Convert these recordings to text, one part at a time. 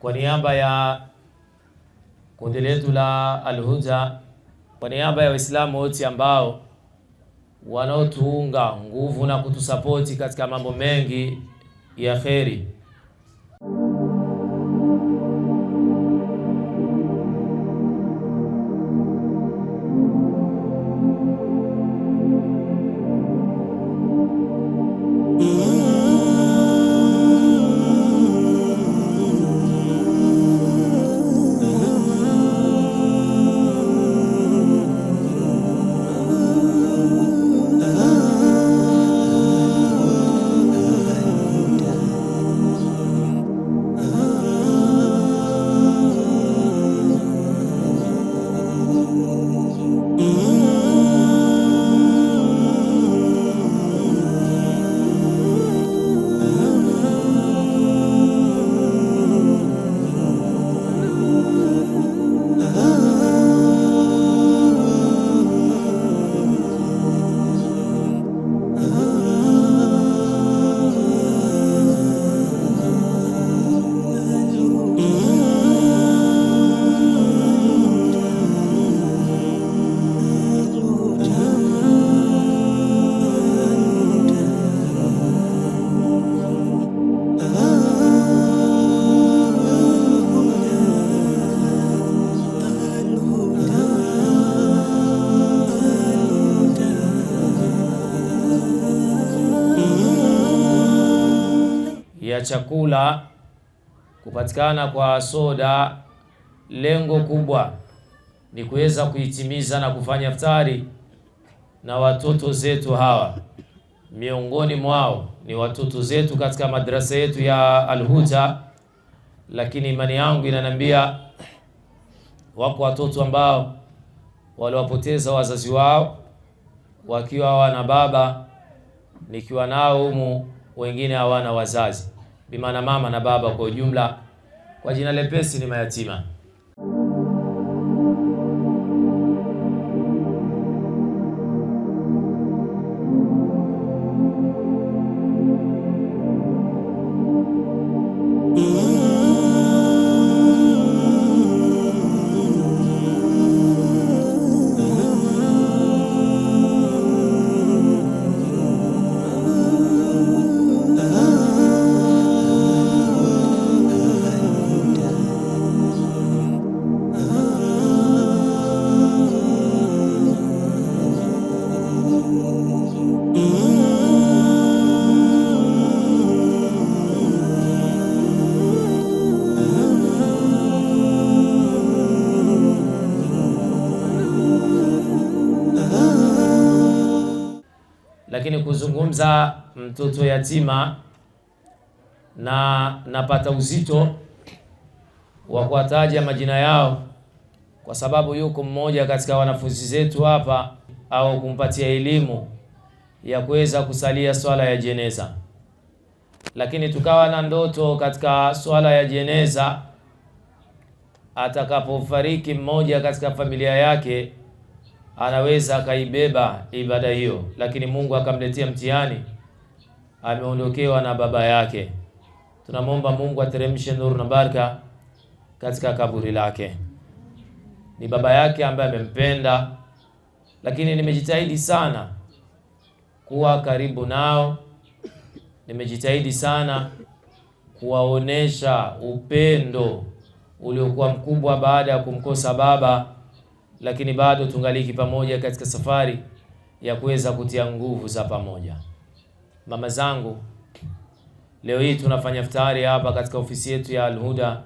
Kwa niaba ya kundi letu la Alhuda, kwa niaba ya Waislamu wote ambao wanaotuunga nguvu na kutusapoti katika mambo mengi ya kheri chakula, kupatikana kwa soda, lengo kubwa ni kuweza kuitimiza na kufanya iftari na watoto zetu hawa. Miongoni mwao ni watoto zetu katika madrasa yetu ya Alhuda, lakini imani yangu inanambia wako watoto ambao waliwapoteza wazazi wao wakiwa hawana baba, nikiwa nao humu, wengine hawana wazazi bimaana mama na baba kwa ujumla, kwa jina lepesi ni mayatima. lakini kuzungumza mtoto yatima na napata uzito wa kuwataja majina yao, kwa sababu yuko mmoja katika wanafunzi zetu hapa, au kumpatia elimu ya kuweza kusalia swala ya jeneza, lakini tukawa na ndoto katika swala ya jeneza atakapofariki mmoja katika familia yake anaweza akaibeba ibada hiyo, lakini Mungu akamletea mtihani, ameondokewa na baba yake. Tunamwomba Mungu ateremshe nuru na baraka katika kaburi lake. Ni baba yake ambaye amempenda, lakini nimejitahidi sana kuwa karibu nao, nimejitahidi sana kuwaonesha upendo uliokuwa mkubwa baada ya kumkosa baba lakini bado tungaliki pamoja katika safari ya kuweza kutia nguvu za pamoja. Mama zangu, leo hii tunafanya iftari hapa katika ofisi yetu ya Alhuda.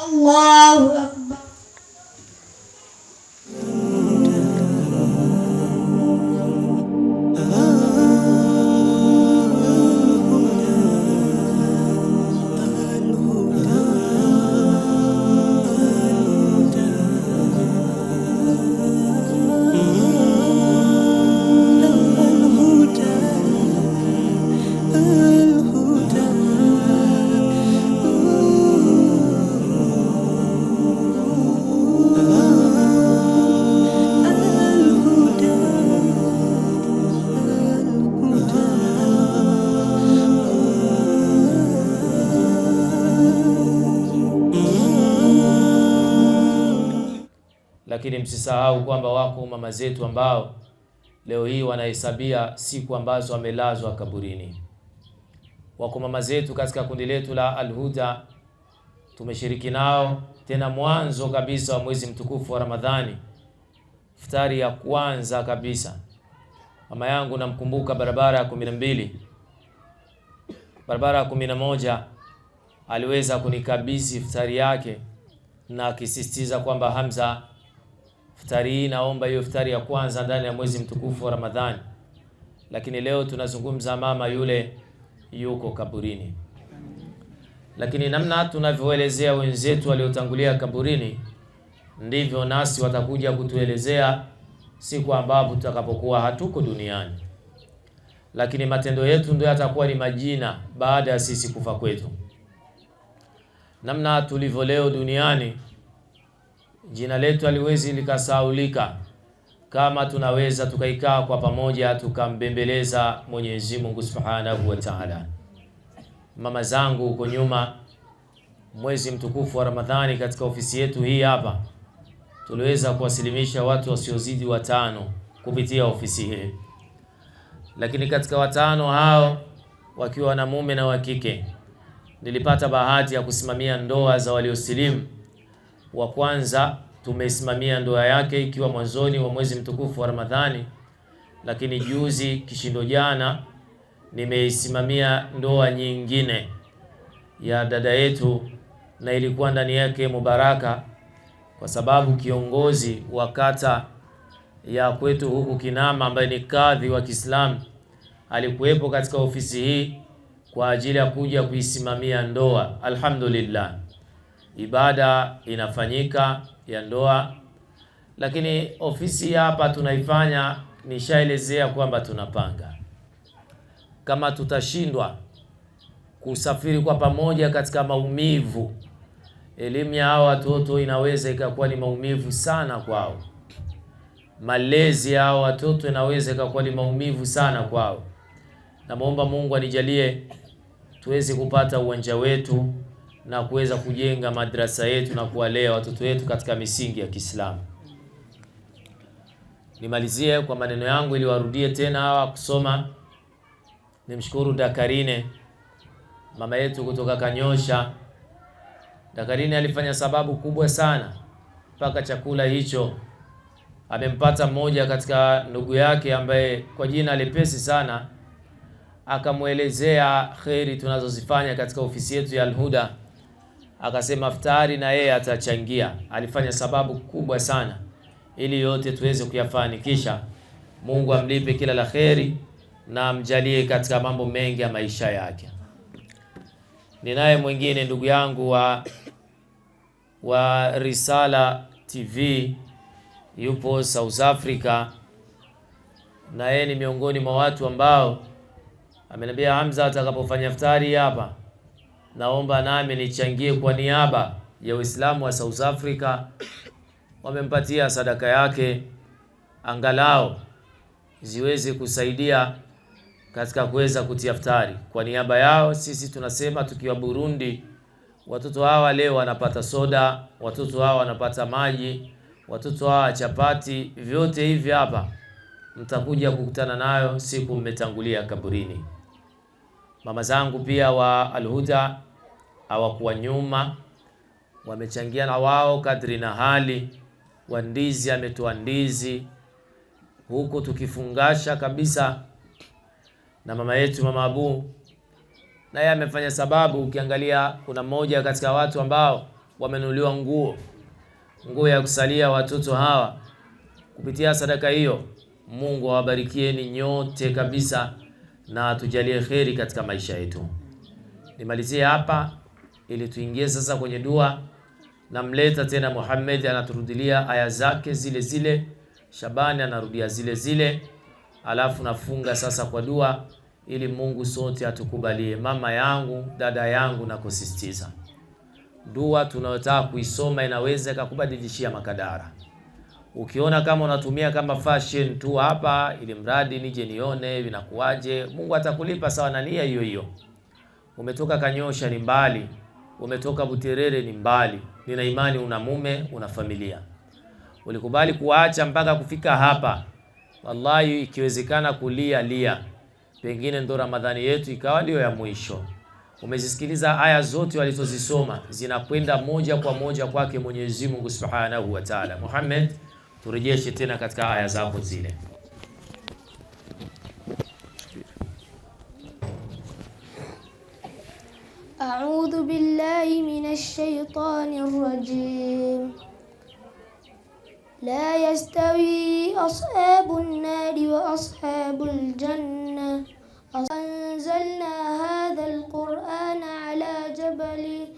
Allahu Ekber. lakini msisahau kwamba wako mama zetu ambao leo hii wanahesabia siku ambazo wamelazwa kaburini. Wako mama zetu katika kundi letu la Alhuda, tumeshiriki nao tena mwanzo kabisa wa mwezi mtukufu wa Ramadhani, iftari ya kwanza kabisa. Mama yangu namkumbuka barabara ya kumi na mbili, barabara ya kumi na moja aliweza kunikabidhi iftari yake na akisisitiza kwamba Hamza Iftari hii naomba hiyo iftari ya kwanza ndani ya mwezi mtukufu wa Ramadhani. Lakini leo tunazungumza mama yule yuko kaburini, lakini namna tunavyoelezea wenzetu waliotangulia kaburini, ndivyo nasi watakuja kutuelezea siku ambapo tutakapokuwa hatuko duniani, lakini matendo yetu ndio yatakuwa ni majina baada ya sisi kufa kwetu. Namna tulivyo leo duniani jina letu haliwezi likasaulika kama tunaweza tukaikaa kwa pamoja tukambembeleza Mwenyezi Mungu Subhanahu wa Ta'ala. Mama zangu huko nyuma, mwezi mtukufu wa Ramadhani, katika ofisi yetu hii hapa tuliweza kuwasilimisha watu wasiozidi watano kupitia ofisi hii, lakini katika watano hao wakiwa wanamume na wa kike, nilipata bahati ya kusimamia ndoa za waliosilimu wa kwanza tumesimamia ndoa yake ikiwa mwanzoni wa mwezi mtukufu wa Ramadhani, lakini juzi kishindo jana nimeisimamia ndoa nyingine ya dada yetu, na ilikuwa ndani yake mubaraka, kwa sababu kiongozi wa kata ya kwetu huku Kinama ambaye ni kadhi wa Kiislamu alikuwepo katika ofisi hii kwa ajili ya kuja kuisimamia ndoa. Alhamdulillah ibada inafanyika ya ndoa, lakini ofisi hapa tunaifanya, nishaelezea kwamba tunapanga kama tutashindwa kusafiri kwa pamoja katika maumivu. Elimu ya hao watoto inaweza ikakuwa ni maumivu sana kwao, malezi ya hao watoto inaweza ikakuwa ni maumivu sana kwao. Namwomba Mungu anijalie tuweze kupata uwanja wetu na kuweza kujenga madrasa yetu na kuwalea watoto wetu katika misingi ya Kiislamu. Nimalizie kwa maneno yangu ili warudie tena hawa kusoma. Nimshukuru Dakarine, mama yetu kutoka Kanyosha. Dakarine alifanya sababu kubwa sana mpaka chakula hicho amempata mmoja katika ndugu yake ambaye kwa jina lepesi sana, akamwelezea kheri tunazozifanya katika ofisi yetu ya Alhuda akasema iftari na yeye atachangia. Alifanya sababu kubwa sana ili yote tuweze kuyafanikisha. Mungu amlipe kila la kheri na amjalie katika mambo mengi ya maisha yake. Ninaye mwingine ndugu yangu wa wa Risala TV yupo South Africa, na yeye ni miongoni mwa watu ambao ameniambia Hamza, atakapofanya iftari hapa naomba nami nichangie kwa niaba ya Uislamu wa South Africa. Wamempatia sadaka yake angalau ziweze kusaidia katika kuweza kutia Kwa niaba yao sisi tunasema tukiwa Burundi, watoto hawa leo wanapata soda, watoto hawa wanapata maji, watoto hawa chapati, vyote hivi hapa mtakuja kukutana nayo siku mmetangulia kaburini mama zangu pia wa Alhuda hawakuwa nyuma, wamechangia na wao kadri na hali. Wandizi ametoa ndizi huku tukifungasha kabisa, na mama yetu mama Abu naye amefanya sababu. Ukiangalia kuna mmoja katika watu ambao wamenuliwa nguo nguo ya kusalia watoto hawa kupitia sadaka hiyo. Mungu awabarikieni nyote kabisa na atujalie kheri katika maisha yetu. Nimalizie hapa ili tuingie sasa kwenye dua. Namleta tena Muhammad, anaturudilia aya zake zile zile, Shabani anarudia zile zile, alafu nafunga sasa kwa dua ili Mungu sote atukubalie. Mama yangu, dada yangu, nakusisitiza dua tunayotaka kuisoma inaweza ikakubadilishia makadara. Ukiona kama unatumia kama fashion tu hapa, ili mradi nije nione vinakuwaje, Mungu atakulipa sawa na nia hiyo hiyo. Umetoka Kanyosha ni mbali, umetoka Buterere ni mbali, nina imani una mume, una familia, ulikubali kuacha mpaka kufika hapa. Wallahi, ikiwezekana kulia lia, pengine ndo Ramadhani yetu ikawa ndiyo ya mwisho. Umezisikiliza aya zote walizozisoma, zinakwenda moja kwa moja kwake Mwenyezi Mungu Subhanahu wa Ta'ala. Muhammad Turejeshe tena katika aya zako zile. A'udhu billahi minash shaitani rrajim. La yastawi ashabun nari wa ashabul janna. Anzalna hadha al-Qur'ana ala jabali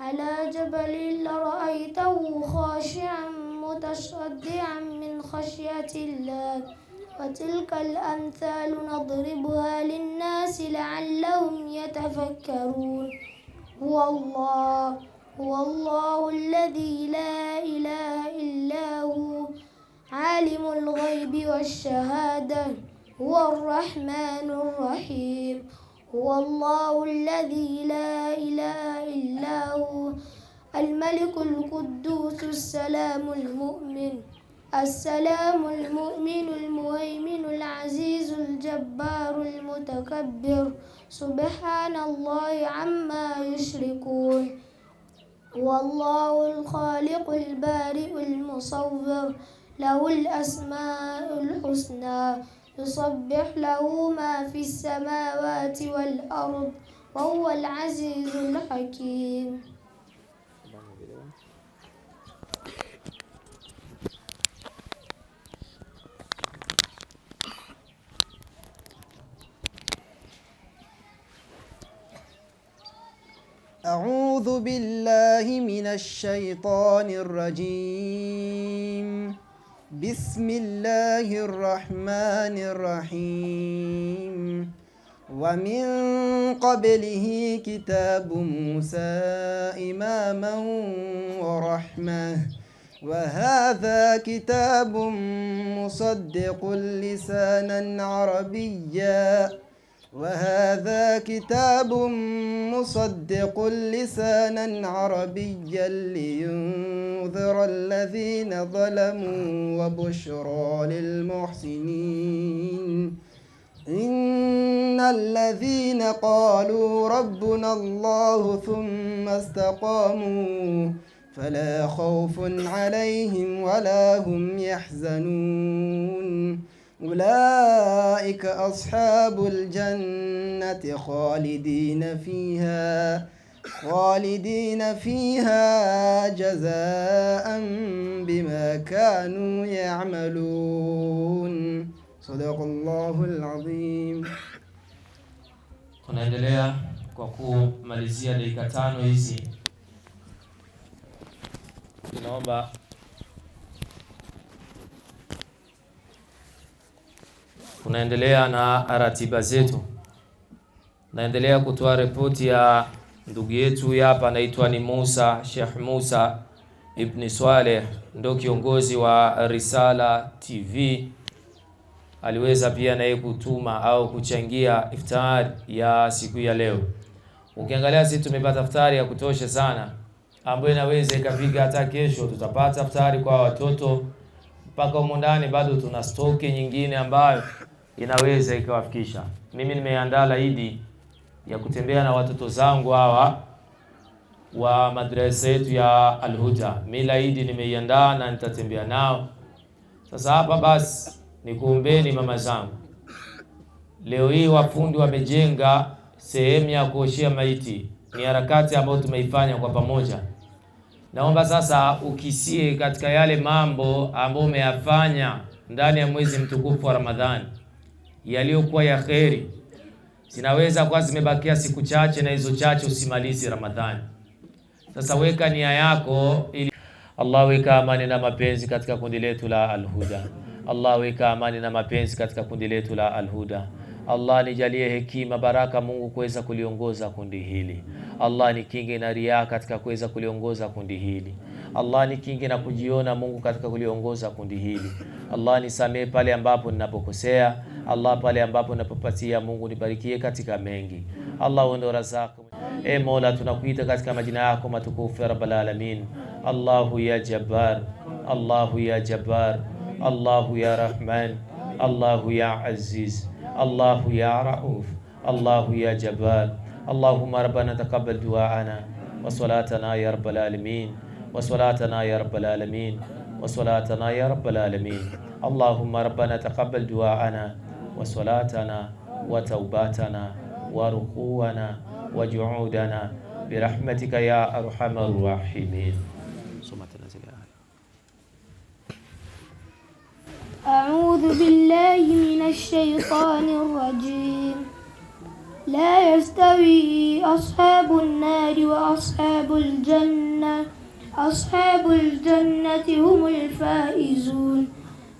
ala jabali la ra'aytahu khashi'an متصدعا من خشية الله وتلك الأمثال نضربها للناس لعلهم يتفكرون هو الله هو الله الذي لا إله إلا هو عالم الغيب والشهادة هو الرحمن الرحيم هو الله الذي لا إله إلا هو الملك القدوس السلام المؤمن السلام المؤمن المهيمن العزيز الجبار المتكبر سبحان الله عما يشركون والله الخالق البارئ المصور له الأسماء الحسنى يسبح له ما في السماوات والأرض وهو العزيز الحكيم بالله من الشيطان الرجيم بسم الله الرحمن الرحيم ومن قبله كتاب موسى إماما ورحمة وهذا كتاب مصدق لسانا عربيا وهذا كتاب مصدق لسانا عربيا لينذر الذين ظلموا وبشرى للمحسنين إن الذين قالوا ربنا الله ثم استقاموا فلا خوف عليهم ولا هم يحزنون أولئك أصحاب الجنة خالدين فيها خالدين فيها جزاء بما كانوا يعملون صدق الله العظيم tunaendelea kwa kumalizia dakika tano hizi ninaomba Tunaendelea na ratiba zetu, naendelea kutoa ripoti ya ndugu yetu hapa, anaitwa ni Musa Sheikh Musa Ibni Swaleh, ndo kiongozi wa Risala TV. Aliweza pia naye kutuma au kuchangia iftar ya siku ya leo. Ukiangalia sisi tumepata iftari ya kutosha sana, ambayo inaweza ikafika hata kesho. Tutapata iftari kwa watoto mpaka humo ndani, bado tuna stoke nyingine ambayo inaweza ikawafikisha. Mimi nimeandaa laidi ya kutembea na watoto zangu hawa wa madrasa yetu ya Alhuda. Mi laidi nimeiandaa na nitatembea nao. Sasa hapa basi nikuombeni mama zangu, leo hii wafundi wamejenga sehemu ya kuoshea maiti. Ni harakati ambayo tumeifanya kwa pamoja. Naomba sasa ukisie katika yale mambo ambayo umeyafanya ndani ya mwezi mtukufu wa Ramadhani yaliyokuwa ya kheri zinaweza kuwa zimebakia siku chache, na hizo chache usimalizi Ramadhani. Sasa weka nia yako ili Allah weka amani na mapenzi katika kundi letu la Alhuda. Allah weka amani na mapenzi katika kundi letu la Alhuda. Allah nijalie hekima, baraka Mungu kuweza kuliongoza kundi hili. Allah nikinge na ria katika kuweza kuliongoza kundi hili. Allah nikinge na kujiona Mungu katika kuliongoza kundi hili. Allah nisamehe pale ambapo ninapokosea. Allah, pale ambapo unapopatia Mungu nibarikie katika mengi. Allah uende ndo razaku. E Mola, tunakuita katika majina yako matukufu ya Rabbal Alamin. Allahu ya Jabbar, Allahu ya Jabbar, Allahu ya Rahman, Allahu ya Aziz, Allahu ya Rauf, Allahu ya Jabbar. Allahumma rabbana taqabbal du'ana wa salatana ya Rabbal Alamin, wa salatana ya Rabbal Alamin, wa salatana ya Rabbal Alamin. Allahumma rabbana taqabbal du'ana وصلاتنا وتوباتنا وركوعنا وجعودنا برحمتك يا أرحم الراحمين أعوذ بالله من الشيطان الرجيم لا يستوي أصحاب النار وأصحاب الجنة أصحاب الجنة هم الفائزون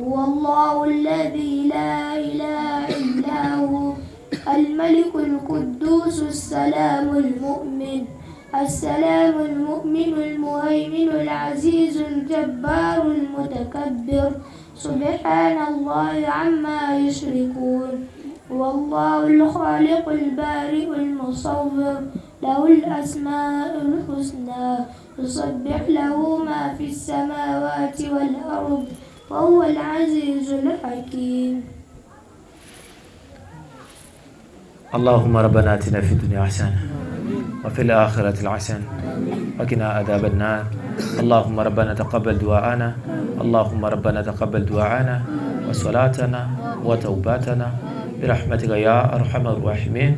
هو الله الذي لا إله إلا هو الملك القدوس السلام المؤمن السلام المؤمن المهيمن العزيز الجبار المتكبر سبحان الله عما يشركون والله الخالق البارئ المصور له الأسماء الحسنى يصبح له ما في السماوات والأرض وهو العزيز الحكيم اللهم ربنا اتنا في الدنيا حسنه وفي الاخره الحسن وقنا عذاب النار اللهم ربنا تقبل دعاءنا اللهم ربنا تقبل دعاءنا وصلاتنا وتوباتنا برحمتك يا ارحم الراحمين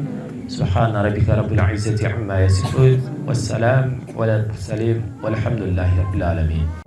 سبحان ربك رب العزه عما يصفون والسلام على المرسلين والحمد لله رب العالمين